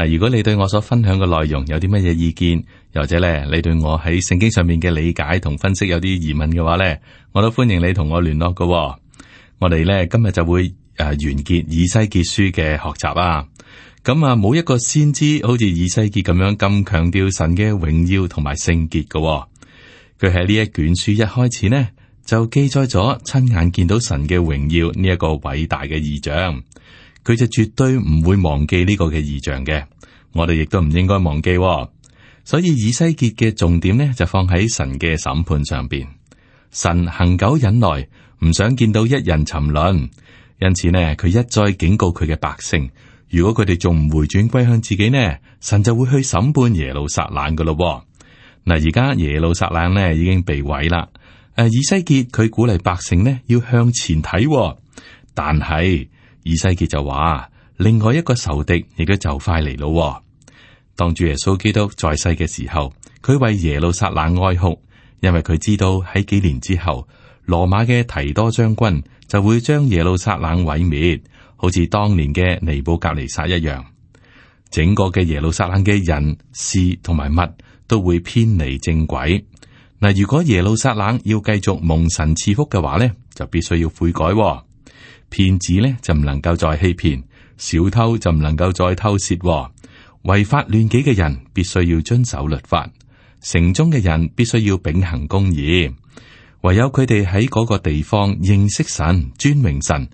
嗱，如果你對我所分享嘅內容有啲乜嘢意見，又或者咧，你對我喺聖經上面嘅理解同分析有啲疑問嘅話咧，我都歡迎你同我聯絡嘅哦。我哋咧今日就會誒完結以西結書嘅學習啊。咁啊，冇一個先知好似以西結咁樣咁強調神嘅榮耀同埋聖潔嘅哦。佢喺呢一卷書一開始呢，就記載咗親眼見到神嘅榮耀呢一個偉大嘅異象。佢就絕對唔會忘記呢個嘅異象嘅，我哋亦都唔應該忘記哦。所以以西結嘅重點呢，就放喺神嘅審判上邊。神恆久忍耐，唔想見到一人沉淪，因此呢，佢一再警告佢嘅百姓，如果佢哋仲唔回轉歸向自己呢，神就會去審判耶路撒冷噶咯。嗱，而家耶路撒冷呢已經被毀啦。誒，以西結佢鼓勵百姓呢要向前睇，但係。以西結就話：另外一個仇敵亦都就快嚟咯、哦。當住耶穌基督在世嘅時候，佢為耶路撒冷哀哭，因為佢知道喺幾年之後，羅馬嘅提多將軍就會將耶路撒冷毀滅，好似當年嘅尼布格尼撒一樣。整個嘅耶路撒冷嘅人、事同埋物都會偏離正軌。嗱，如果耶路撒冷要繼續蒙神賜福嘅話咧，就必須要悔改、哦。騙子咧就唔能夠再欺騙，小偷就唔能夠再偷竊、哦。違法亂紀嘅人必須要遵守律法，城中嘅人必須要秉行公義。唯有佢哋喺嗰個地方認識神、尊明神、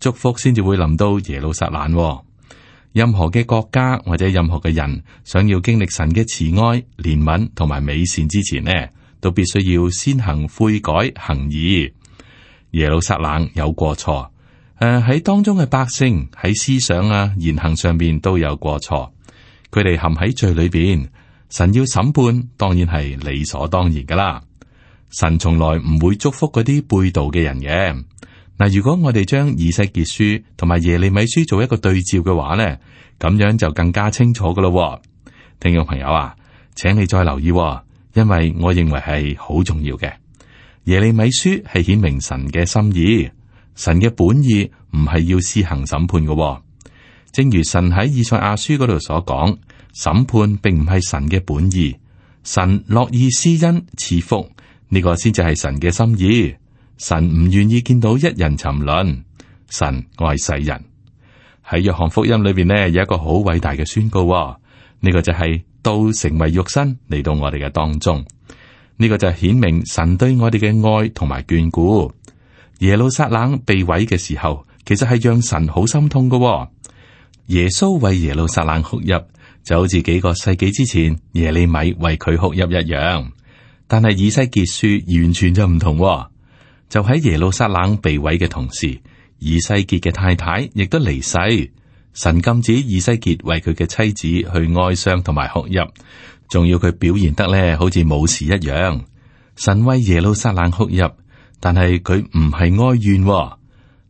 祝福，先至會臨到耶路撒冷、哦。任何嘅國家或者任何嘅人想要經歷神嘅慈愛、憐憫同埋美善之前呢，呢都必須要先行悔改行義。耶路撒冷有過錯。誒，喺、呃、當中嘅百姓喺思想啊、言行上面都有過錯，佢哋陷喺罪裏邊，神要審判，當然係理所當然噶啦。神從來唔會祝福嗰啲背道嘅人嘅。嗱，如果我哋將以西結書同埋耶利米書做一個對照嘅話呢，咁樣就更加清楚噶啦。聽眾朋友啊，請你再留意、哦，因為我認為係好重要嘅。耶利米書係顯明神嘅心意。神嘅本意唔係要施行審判嘅、哦，正如神喺以賽亞書嗰度所講，審判並唔係神嘅本意，神樂意施恩賜福，呢、呢個先至係神嘅心意。神唔願意見到一人沉淪，神愛世人。喺約翰福音裏邊呢有一個好偉大嘅宣告、哦，呢、呢個就係道成為肉身嚟到我哋嘅當中，呢、呢個就係顯明神對我哋嘅愛同埋眷顧。耶路撒冷被毀嘅時候，其實係讓神好心痛噶、哦。耶穌為耶路撒冷哭泣，就好似幾個世紀之前耶利米為佢哭泣一樣。但係以西結書完全就唔同、哦，就喺耶路撒冷被毀嘅同時，以西結嘅太太亦都離世。神禁止以西結為佢嘅妻子去哀傷同埋哭泣，仲要佢表現得咧好似冇事一樣。神為耶路撒冷哭泣。但係佢唔係哀怨、哦，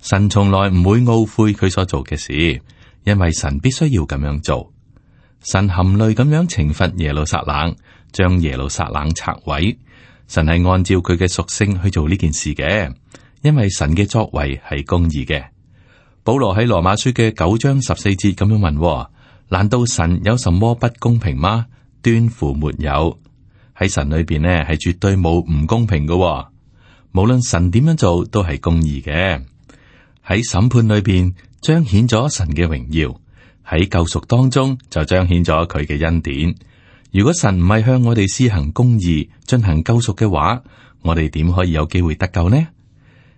神從來唔會懊悔佢所做嘅事，因為神必須要咁樣做。神含淚咁樣懲罰耶路撒冷，將耶路撒冷拆毀。神係按照佢嘅屬性去做呢件事嘅，因為神嘅作為係公義嘅。保羅喺羅馬書嘅九章十四節咁樣問、哦：難道神有什麼不公平嗎？斷乎沒有。喺神裏邊呢，係絕對冇唔公平噶、哦。無論神點樣做都係公義嘅，喺審判裏邊彰顯咗神嘅榮耀；喺救贖當中就彰顯咗佢嘅恩典。如果神唔係向我哋施行公義進行救贖嘅話，我哋點可以有機會得救呢？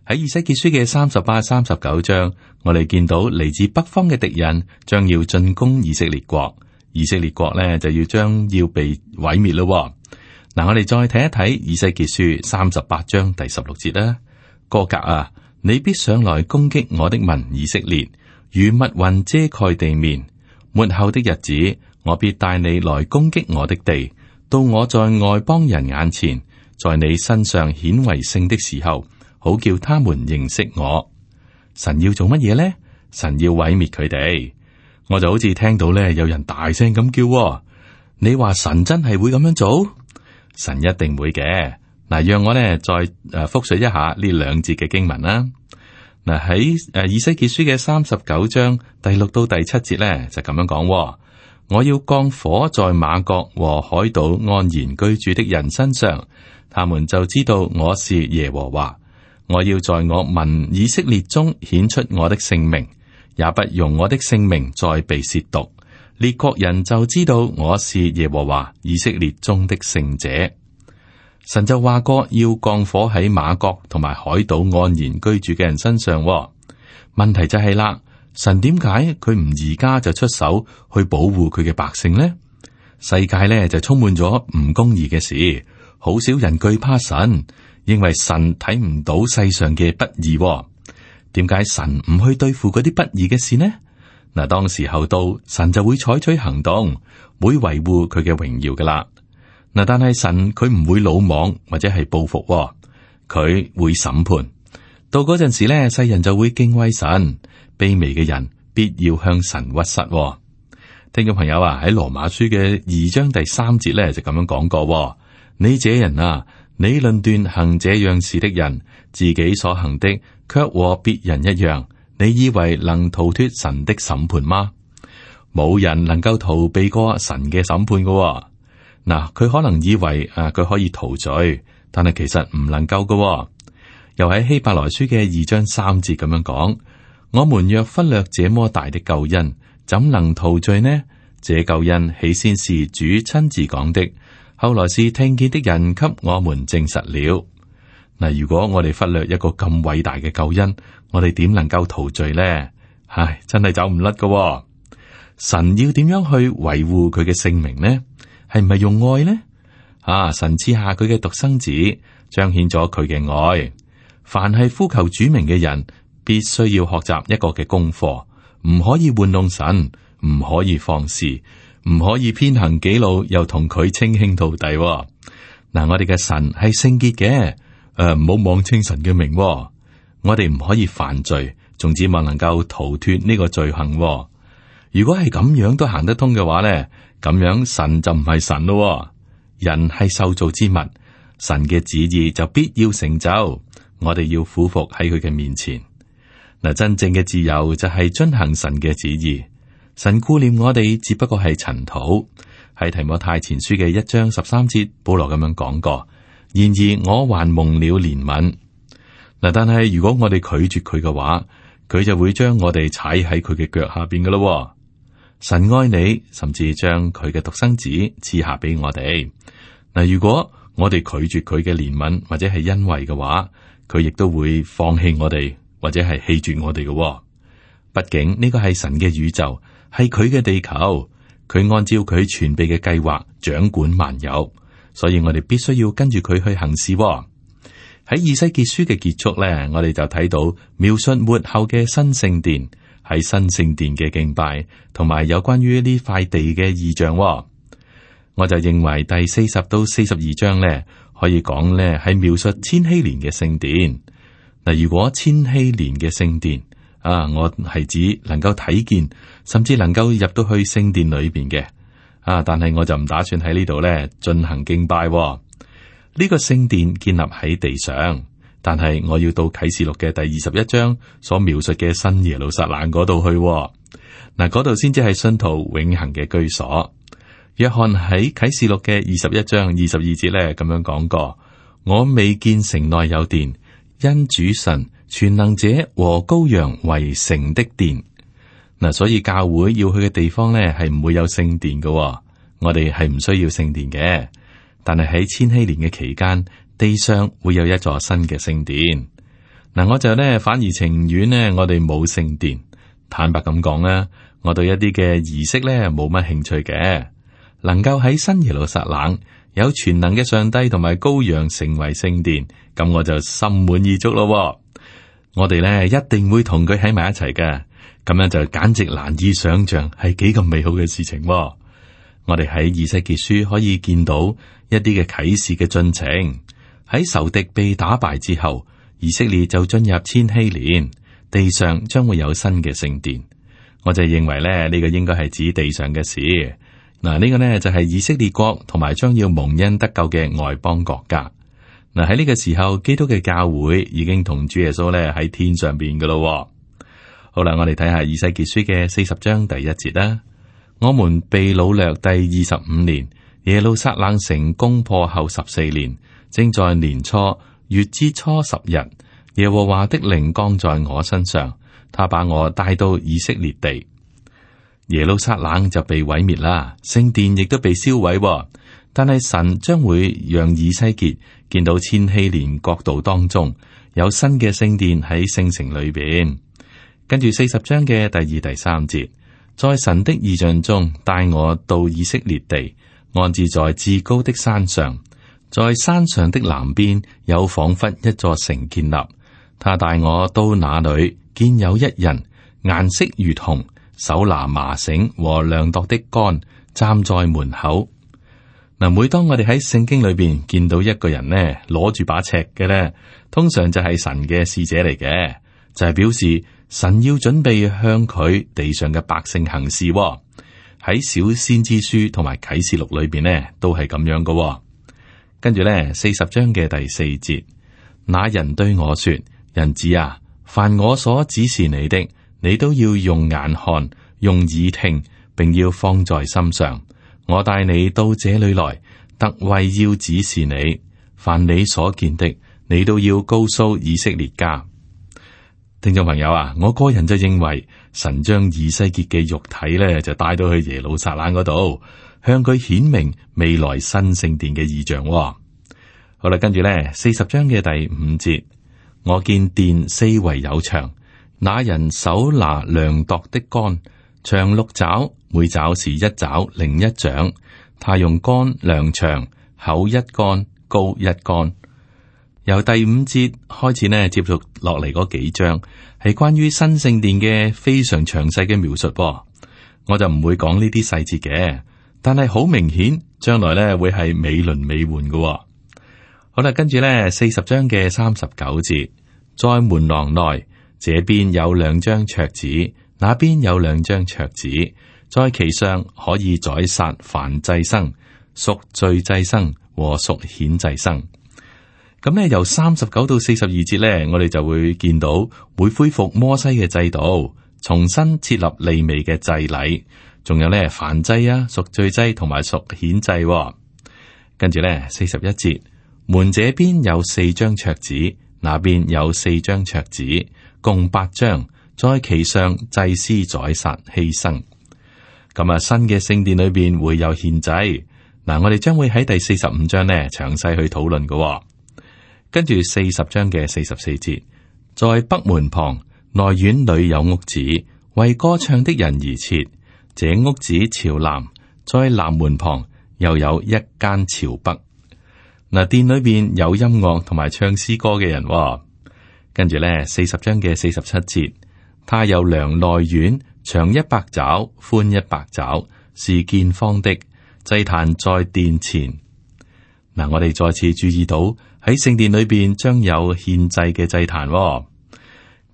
喺《以西結書》嘅三十八、三十九章，我哋見到嚟自北方嘅敵人將要進攻以色列國，以色列國呢就要將要被毀滅咯喎。嗱，我哋再睇一睇《以西結書》三十八章第十六節啦。哥格啊，你必上來攻擊我的民以色列，如密雲遮蓋地面。末後的日子，我必帶你來攻擊我的地。到我在外邦人眼前，在你身上顯為聖的時候，好叫他們認識我。神要做乜嘢呢？神要毀滅佢哋。我就好似聽到咧，有人大聲咁叫：，你話神真係會咁樣做？神一定會嘅，嗱，讓我呢再誒復述一下呢兩節嘅經文啦。嗱喺誒以西結書嘅三十九章第六到第七節咧就咁樣講：我要降火在馬國和海島安然居住的人身上，他們就知道我是耶和華。我要在我民以色列中顯出我的聖名，也不容我的聖名再被褻瀆。列國人就知道我是耶和華以色列中的聖者。神就話過要降火喺馬國同埋海島安然居住嘅人身上。問題就係、是、啦，神點解佢唔而家就出手去保護佢嘅百姓呢？世界咧就充滿咗唔公義嘅事，好少人懼怕神，認為神睇唔到世上嘅不義。點解神唔去對付嗰啲不義嘅事呢？嗱，當時候到，神就會採取行動，會維護佢嘅榮耀噶啦。嗱，但係神佢唔會魯莽或者係報復，佢會審判。到嗰陣時咧，世人就會敬畏神，卑微嘅人必要向神屈膝。聽眾朋友啊，喺羅馬書嘅二章第三節咧就咁樣講過。你這人啊，你論斷行這樣事的人，自己所行的卻和別人一樣。你以為能逃脫神的審判嗎？冇人能夠逃避過神嘅審判㗎喎。嗱，佢可能以為啊，佢可以逃罪，但係其實唔能夠㗎喎。又喺希伯來書嘅二章三節咁樣講：「我們若忽略這麼大的救恩，怎能逃罪呢？這救恩起先是主親自講的，後來是聽見的人給我們證實了。」嗱，如果我哋忽略一個咁偉大嘅救恩，我哋點能夠逃罪咧？唉，真係走唔甩嘅，神要點樣去維護佢嘅姓名呢？係唔係用愛呢？啊，神賜下佢嘅獨生子，彰顯咗佢嘅愛。凡係呼求主名嘅人，必須要學習一個嘅功課，唔可以玩弄神，唔可以放肆，唔可以偏行己路，又同佢稱兄道弟，哦。嗱，啊，我哋嘅神係聖潔嘅。誒，唔好妄稱神嘅名，哦，我哋唔可以犯罪，仲指望能夠逃脫呢個罪行，哦。如果係咁樣都行得通嘅話咧，咁樣神就唔係神咯，哦，人係受造之物，神嘅旨意就必要成就。我哋要俯伏喺佢嘅面前。嗱，真正嘅自由就係遵行神嘅旨意。神顧念我哋，只不過係塵土。喺提摩太前書嘅一章十三節，保羅咁樣講過。然而，我還蒙了憐憫嗱。但係如果我哋拒絕佢嘅話，佢就會將我哋踩喺佢嘅腳下邊噶咯。神愛你，甚至將佢嘅獨生子賜下俾我哋嗱。如果我哋拒絕佢嘅憐憫，或者係恩惠嘅話，佢亦都會放棄我哋，或者係棄絕我哋嘅。畢竟呢、這個係神嘅宇宙，係佢嘅地球，佢按照佢全備嘅計劃掌管萬有。所以我哋必須要跟住佢去行事喎、哦。喺以西結書嘅結束呢，我哋就睇到描述末後嘅新聖殿，喺新聖殿嘅敬拜，同埋有關於呢塊地嘅異象、哦。我就認為第四十到四十二章呢，可以講呢，係描述千禧年嘅聖殿。嗱，如果千禧年嘅聖殿啊，我係指能夠睇見，甚至能夠入到去聖殿裏邊嘅。啊！但係我就唔打算喺呢度咧進行敬拜、哦。呢、這個聖殿建立喺地上，但係我要到啟示錄嘅第二十一章所描述嘅新耶路撒冷嗰度去、哦。嗱，嗰度先至係信徒永恆嘅居所。約翰喺啟示錄嘅二十一章二十二節咧，咁樣講過：我未見城內有殿，因主神全能者和羔羊為城的殿。嗱，所以教會要去嘅地方咧，係唔會有聖殿嘅，哦。我哋係唔需要聖殿嘅。但係喺千禧年嘅期間，地上會有一座新嘅聖殿。嗱，我就咧反而情願咧，我哋冇聖殿。坦白咁講啦，我對一啲嘅儀式咧冇乜興趣嘅。能夠喺新耶路撒冷有全能嘅上帝同埋羔羊成為聖殿，咁我就心滿意足咯。我哋咧一定會同佢喺埋一齊嘅。咁樣就簡直難以想象，係幾咁美好嘅事情啊。我哋喺《以西結書》可以見到一啲嘅啟示嘅進程。喺仇敵被打敗之後，以色列就進入千禧年，地上將會有新嘅聖殿。我就認為咧，呢個應該係指地上嘅事。嗱，呢個呢就係以色列國同埋將要蒙恩得救嘅外邦國家。嗱，喺呢個時候，基督嘅教會已經同主耶穌咧喺天上邊噶咯。好啦，我哋睇下《以西結書》嘅四十章第一節啦。我們被擄掠第二十五年，耶路撒冷城攻破後十四年，正在年初月之初十日，耶和華的靈光在我身上，他把我帶到以色列地。耶路撒冷就被毀滅啦，聖殿亦都被燒毀。但係神將會讓以西結見到千禧年國度當中有新嘅聖殿喺聖城裏邊。跟住四十章嘅第二、第三節， 在神的異象中帶我到以色列地，安置在至高的山上。在山上的南邊有仿佛一座城建立。他帶我到那裏，見有一人顏色如銅，手拿麻繩和量度的竿，站在門口。每當我哋喺聖經裏邊見到一個人呢，攞住把尺嘅呢，通常就係神嘅使者嚟嘅。就係表示神要準備向佢地上嘅百姓行事喎、哦。喺小先知書同埋啟示錄裏邊呢，都係咁樣嘅、哦。跟住呢，四十章嘅第四節，那人對我說：人子啊，凡我所指示你的，你都要用眼看，用耳聽，並要放在心上。我帶你到這裏來，特為要指示你，凡你所見的，你都要告訴以色列家。聽眾朋友啊，我個人就認為神將以西結嘅肉體咧，就帶到去耶路撒冷嗰度，向佢顯明未來新聖殿嘅異象、哦。好啦，跟住咧四十章嘅第五節，我見殿四圍有牆，那人手拿量度的杆，長六爪，每爪是一爪，另一掌，太用杆量長，口一杆，高一杆。由第五節開始咧，接續落嚟嗰幾章，係關於新聖殿嘅非常詳細嘅描述喎。我就唔會講呢啲細節嘅，但係好明顯，將來咧會係美輪美奐嘅。好啦，跟住呢四十章嘅三十九節，在門廊內，這邊有兩張桌子，那邊有兩張桌子，在其上可以宰殺燔祭牲、贖罪祭牲和贖愆祭牲。咁咧，由三十九到四十二節咧，我哋就會見到會恢復摩西嘅制度，重新設立利未嘅祭禮，仲有咧燔祭啊、贖罪祭同埋贖愆祭、啊。跟住咧，四十一節，門這邊有四張桌子，那邊有四張桌子，共八張，在其上祭司宰殺犧牲。咁、嗯嗯、啊，新嘅聖殿裏邊會有獻祭嗱，我哋將會喺第四十五章咧詳細去討論嘅。.跟住四十章嘅四十四節，在北門旁內院裏有屋子，為歌唱的人而設。這屋子朝南，在南門旁又有一間朝北。嗱，殿裏邊有音樂同埋唱詩歌嘅人、哦。跟住咧，四十章嘅四十七節，他有梁內院，長一百肘，寬一百肘，是見方的。祭壇在殿前。嗱，我哋再次注意到。喺聖殿裏邊將有獻祭嘅祭壇，哦，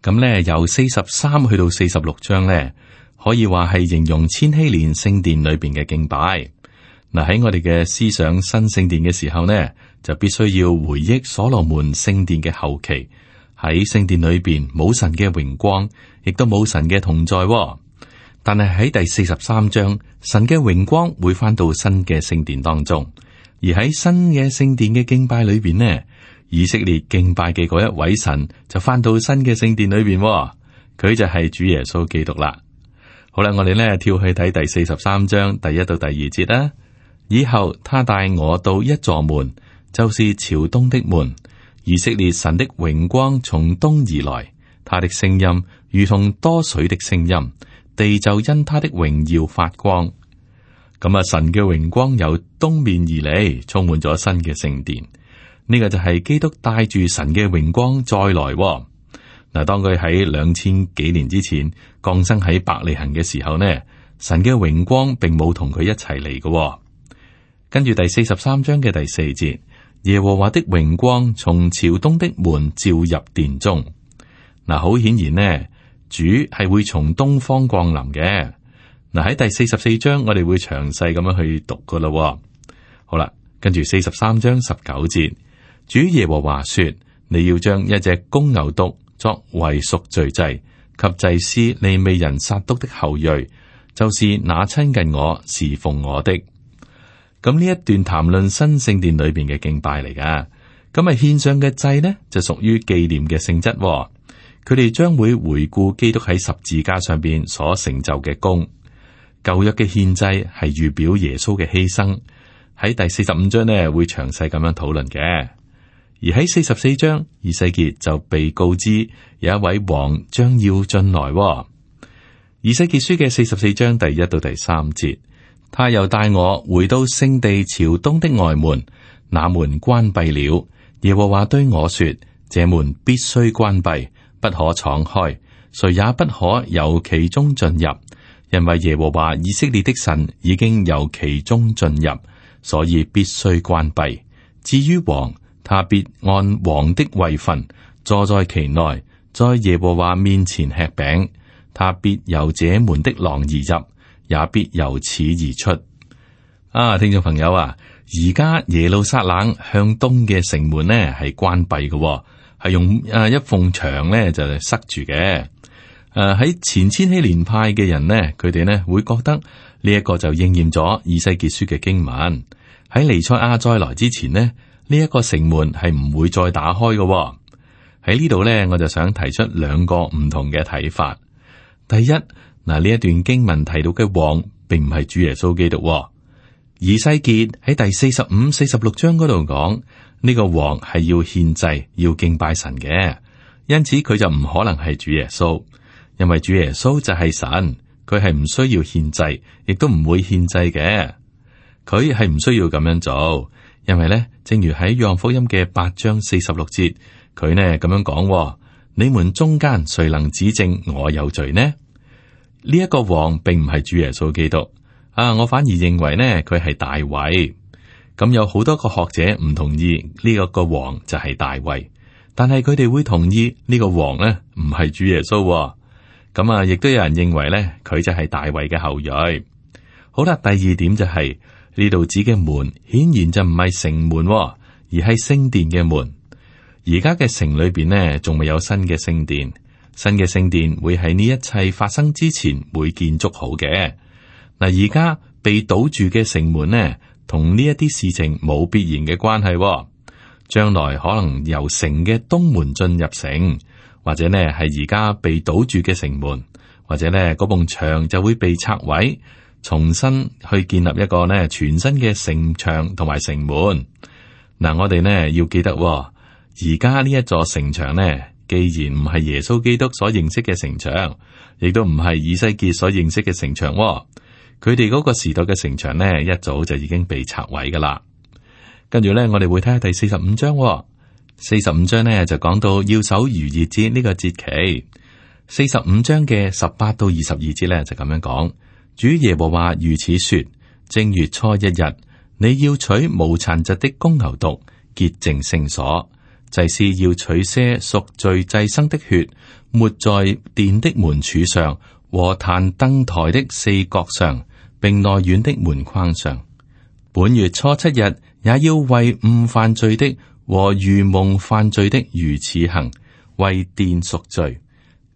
咁咧由四十三去到四十六章咧，可以話係形容千禧年聖殿裏邊嘅敬拜。嗱，喺我哋嘅思想新聖殿嘅時候呢，就必須要回憶所羅門聖殿嘅後期，喺聖殿裏邊冇神嘅榮光，亦都冇神嘅同在，哦。但係喺第四十三章，神嘅榮光會翻到新嘅聖殿當中。而喺新嘅聖殿嘅敬拜裏邊呢，以色列敬拜嘅嗰一位神就翻到新嘅聖殿裏邊，佢就係主耶穌基督啦。好啦，我哋呢跳去睇第四十三章第一到第二節啦。以後他帶我到一座門，就是朝東的門。以色列神的榮光從東而來，他的聲音如同多水的聲音，地就因他的榮耀發光。咁啊！神嘅榮光由東面而嚟，充滿咗新嘅聖殿。呢個就係基督帶住神嘅榮光再來。嗱，當佢喺兩千幾年之前降生喺伯利恒嘅時候呢，神嘅榮光並冇同佢一齊嚟嘅。跟住第四十三章嘅第四節，耶和華的榮光從朝東的門照入殿中。嗱，好顯然呢，主係會從東方降臨嘅。嗱，喺第四十四章，我哋會詳細咁樣去讀噶咯，好啦，跟住四十三章十九節，主耶和華說：你要將一隻公牛犢作為贖罪祭及祭司利未人撒督的後裔，就是那親近我侍奉我的。咁呢一段談論新聖殿裏邊嘅敬拜嚟噶。咁啊，獻上嘅祭呢就屬於紀念嘅性質，佢哋將會回顧基督喺十字架上邊所成就嘅功。舊約嘅憲制係預表耶穌嘅犧牲，喺第四十五章呢，會詳細咁樣討論嘅。而喺四十四章，以西結就被告知有一位王將要進來，哦。以西結書嘅四十四章第一到第三節，他又帶我回到聖地朝東的外門，那門關閉了。耶和華對我說：這門必須關閉，不可敞開，誰也不可由其中進入。因為耶和華以色列的神已經由其中進入，所以必須關閉。至於王，他必按王的位份坐在其內，在耶和華面前吃餅。他必由這門的廊而入，也必由此而出。啊，聽眾朋友啊，而家耶路撒冷向東嘅城門呢係關閉嘅，係用啊一埲牆呢就塞住嘅。誒，喺前千禧年派嘅人呢，佢哋呢會覺得呢一、這個就應驗咗以西結書嘅經文。喺彌賽亞再來之前呢，呢、這、一個城門係唔會再打開嘅、哦。喺呢度呢，我就想提出兩個唔同嘅睇法。第一，嗱呢一段經文提到嘅王，並唔係主耶穌基督、哦。以西結喺第四十五、四十六章嗰度講呢個王係要獻祭、要敬拜神嘅，因此佢就唔可能係主耶穌。因為主耶穌就係神，佢係唔需要獻祭，亦都唔會獻祭嘅。佢係唔需要咁樣做，因為咧，正如喺《約翰福音》嘅八章四十六節，佢呢咁樣講：你們中間誰能指證我有罪呢？呢、這、一個王並唔係主耶穌基督啊。我反而認為呢，佢係大衛咁。有好多個學者唔同意呢一個王就係大衛，但係佢哋會同意呢個王咧唔係主耶穌、哦。咁啊，亦都有人認為咧，佢就係大衛嘅後裔。好啦，第二點就係呢度指嘅門，顯然就唔係城門，而係聖殿嘅門。而家嘅城裏邊呢，仲未有新嘅聖殿，新嘅聖殿會喺呢一切發生之前會建築好嘅。嗱，而家被堵住嘅城門呢，同呢一啲事情冇必然嘅關係，將來可能由城嘅東門進入城。或者呢，係而家被堵住嘅城門，或者呢，嗰埲牆就會被拆毀，重新去建立一個呢全新嘅城牆同埋城門。嗱，我哋呢要記得，而家呢一座城牆呢，既然唔係耶穌基督所認識嘅城牆，亦都唔係以西結所認識嘅城牆，佢哋嗰個時代嘅城牆呢，一早就已經被拆毀噶啦。跟住呢，我哋會睇下第四十五章。四十五章呢，就講到要守逾越節呢個節期。四十五章嘅十八到二十二節呢，就咁樣講，主耶和華如此說：正月初一日，你要取無殘疾的公牛犢潔淨聖所，祭司要取些贖罪祭牲的血，抹在殿的門柱上和壇燈台的四角上，並內院的門框上。本月初七日也要為誤犯罪的。和愚蒙犯罪的如此行，為殿贖罪。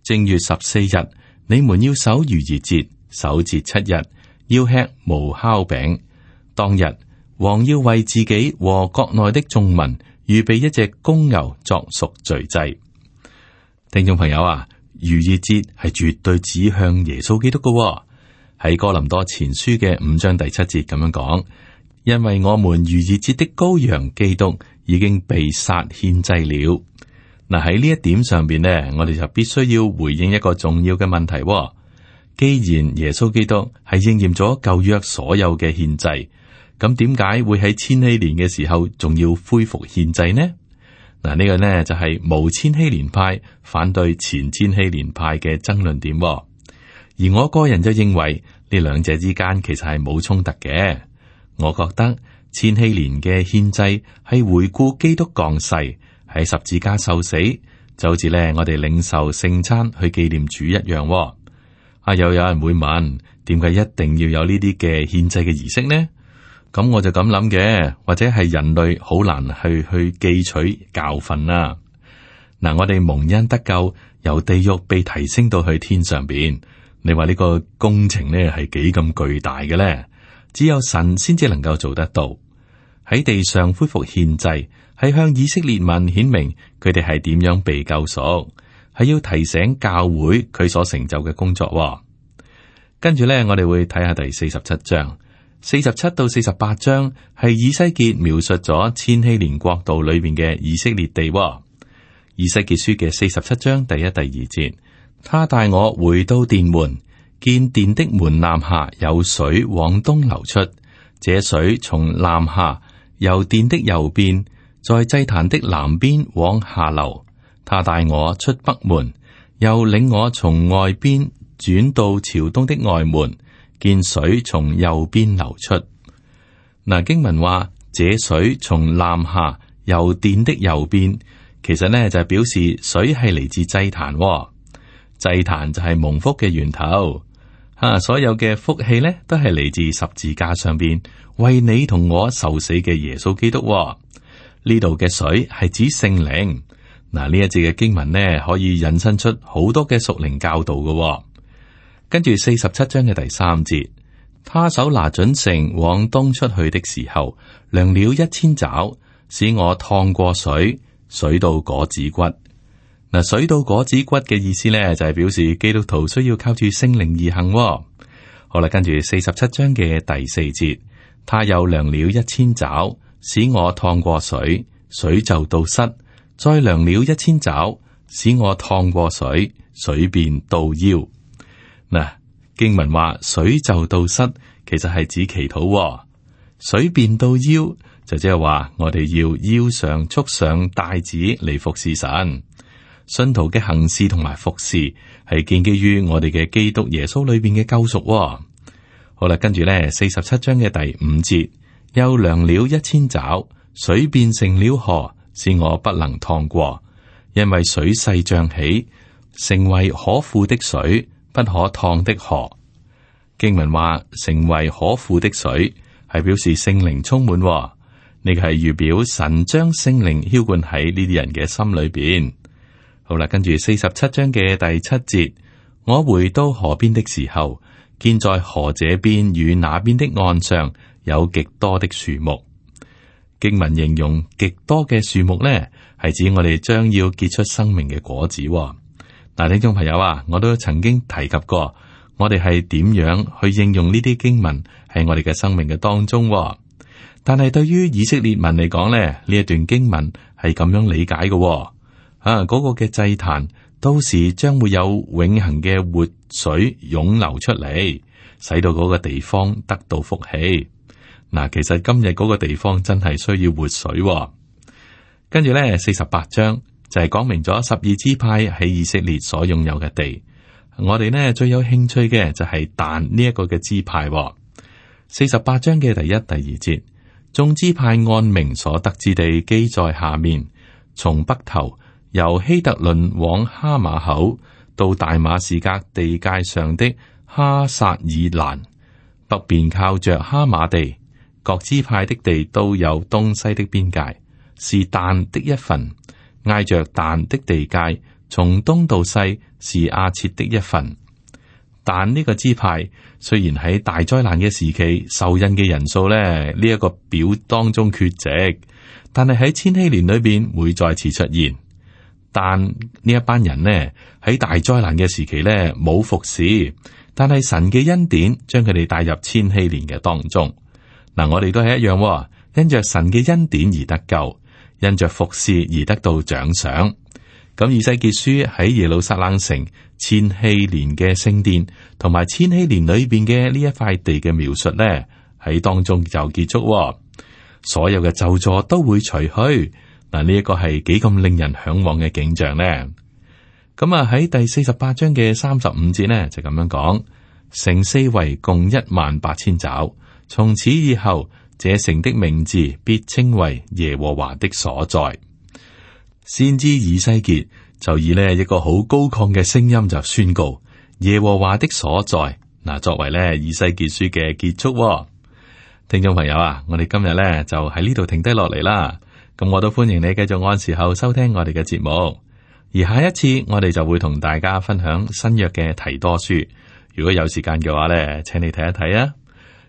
正月十四日，你們要守逾越節，守節七日，要吃無酵餅。當日王要為自己和國內的眾民預備一隻公牛作贖罪祭。聽眾朋友啊，逾越節係絕對指向耶穌基督㗎喎、哦。喺哥林多前書嘅五章第七節咁樣講，因為我們逾越節的羔羊基督。已經被殺獻祭了。嗱，喺呢一點上邊呢，我哋就必須要回應一個重要嘅問題喎。既然耶穌基督係應驗咗舊約所有嘅獻祭，咁點解會喺千禧年嘅時候仲要恢復獻祭呢？嗱，呢個呢就係、是、無千禧年派反對前千禧年派嘅爭論點喎。而我個人就認為呢兩者之間其實係冇衝突嘅。我覺得。千禧年嘅獻祭係回顧基督降世喺十字架受死，就好似咧我哋領受聖餐去紀念主一樣，哦。啊，又有，有人會問，點解一定要有呢啲嘅獻祭嘅儀式呢？咁、嗯、我就咁諗嘅，或者係人類好難去去記取教訓啦、啊。嗱、啊，我哋蒙恩得救，由地獄被提升到去天上邊，你話呢個工程咧係幾咁巨大嘅咧？只有神先至能夠做得到。喺地上恢復憲制，係向以色列民顯明佢哋係點樣被救贖，係要提醒教會佢所成就嘅工作。跟住呢，我哋會睇下第四十七章，四十七到四十八章，係以西結描述咗千禧年國度裏面嘅以色列地。以西結書嘅四十七章第一、第二節，他帶我回到殿門，見殿的門檻下有水往東流出，這水從南下。由殿的右邊，在祭壇的南邊往下流。他帶我出北門，又領我從外邊轉到朝東的外門，見水從右邊流出。嗱，經文話：這水從南下由殿的右邊，其實呢就係，表示水係嚟自祭壇哦。祭壇就係蒙福嘅源頭。啊，所有嘅福氣呢，都係嚟自十字架上邊。為你同我受死嘅耶穌基督喎。呢度嘅水係指聖靈。嗱，呢一節嘅經文呢，可以引申出好多嘅屬靈教導嘅喎。跟住四十七章嘅第三節，他手拿準繩往東出去的時候，量了一千爪，使我燙過水，水到果子骨。嗱，水到果子骨嘅意思呢，就係表示基督徒需要靠住聖靈而行喎。好啦，跟住四十七章嘅第四節。他又量了一千肘使我趟過水，水就到膝；再量了一千肘使我趟過水，水便到腰。嗱、啊，經文話水就到膝，其實係指祈禱、哦；水便到腰，就即係話我哋要腰上束上帶子嚟服侍神。信徒嘅行事同埋服侍，係建基於我哋嘅基督耶穌裏邊嘅救贖、哦。好啦，跟住咧，四十七章嘅第五節，又量了一千肘，水變成了河，是我不能趟過，因為水勢漲起，成為可洑的水，不可趟的河。經文話成為可洑的水，係表示聖靈充滿，哦，呢個係預表神將聖靈澆灌喺呢啲人嘅心裏邊。好啦，跟住四十七章嘅第七節，我回到河邊的時候。見在河這邊與那邊的岸上有極多的樹木。經文形容極多嘅樹木呢，係指我哋將要結出生命嘅果子，哦。嗱、啊，聽眾朋友啊，我都曾經提及過，我哋係點樣去應用呢啲經文喺我哋嘅生命嘅當中，哦。但係對於以色列文嚟講呢，呢一段經文係咁樣理解嘅，哦。啊，嗰、那個嘅祭壇。到時將會有永恆嘅活水湧流出嚟，使到嗰個地方得到福氣。嗱，其實今日嗰個地方真係需要活水、哦。跟住咧，四十八章就係、是、講明咗十二支派喺以色列所擁有嘅地。我哋呢最有興趣嘅就係但呢一個嘅支派、哦。四十八章嘅第一、第二節，眾支派按名所得之地，記在下面，從北頭。由希特倫往哈馬口到大馬士革地界上的哈薩爾蘭，北邊靠着哈馬地各支派的地都有東西的邊界，是但的一份挨着但的地界，從東到西是亞設的一份。但呢個支派雖然喺大災難嘅時期受印嘅人數呢呢一個表當中缺席，但係喺千禧年裏面會再次出現。但呢一班人呢喺大災難嘅時期呢冇服侍，但係神嘅恩典將佢哋帶入千禧年嘅當中。嗱、啊，我哋都係一樣，哦，因着神嘅恩典而得救，因着服侍而得到獎賞。咁《以西結書》喺耶路撒冷城千禧年嘅聖殿同埋千禧年裏邊嘅呢一塊地嘅描述呢喺當中就結束，哦。所有嘅咒詛都會除去。嗱，呢一個係幾咁令人向往嘅景象呢。咁啊喺第四十八章嘅三十五節呢，就咁樣講，城四圍共一萬八千爪。從此以後，這城的名字必稱為耶和華的所在。先知以西結就以呢一個好高亢嘅聲音就宣告耶和華的所在。嗱，作為呢以西結書嘅結束喎，聽眾朋友啊，我哋今日呢就喺呢度停低落嚟啦。咁我都歡迎你繼續按時候收聽我哋嘅節目，而下一次我哋就會同大家分享新約嘅提多書。如果有時間嘅話呢，請你睇一睇啊。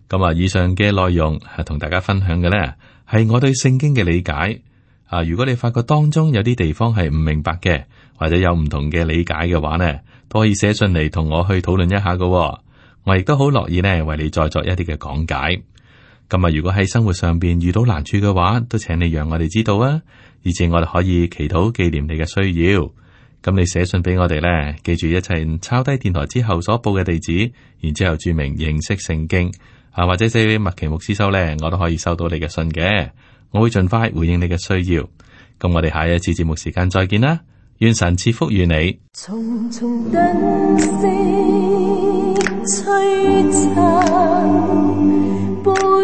咁啊，以上嘅內容係同大家分享嘅呢係我對聖經嘅理解啊。如果你發覺當中有啲地方係唔明白嘅，或者有唔同嘅理解嘅話呢，都可以寫信嚟同我去討論一下噶喎。我亦都好樂意呢，為你再作一啲嘅講解。今日如果喺生活上邊遇到難處嘅話，都請你讓我哋知道啊，以致我哋可以祈禱紀念你嘅需要。咁你寫信俾我哋咧，記住一齊抄低電台之後所報嘅地址，然之後注明認識聖經啊，或者寫俾麥奇牧師收咧，我都可以收到你嘅信嘅。我會盡快回應你嘅需要。咁我哋下一次節目時間再見啦，願神賜福與你。重重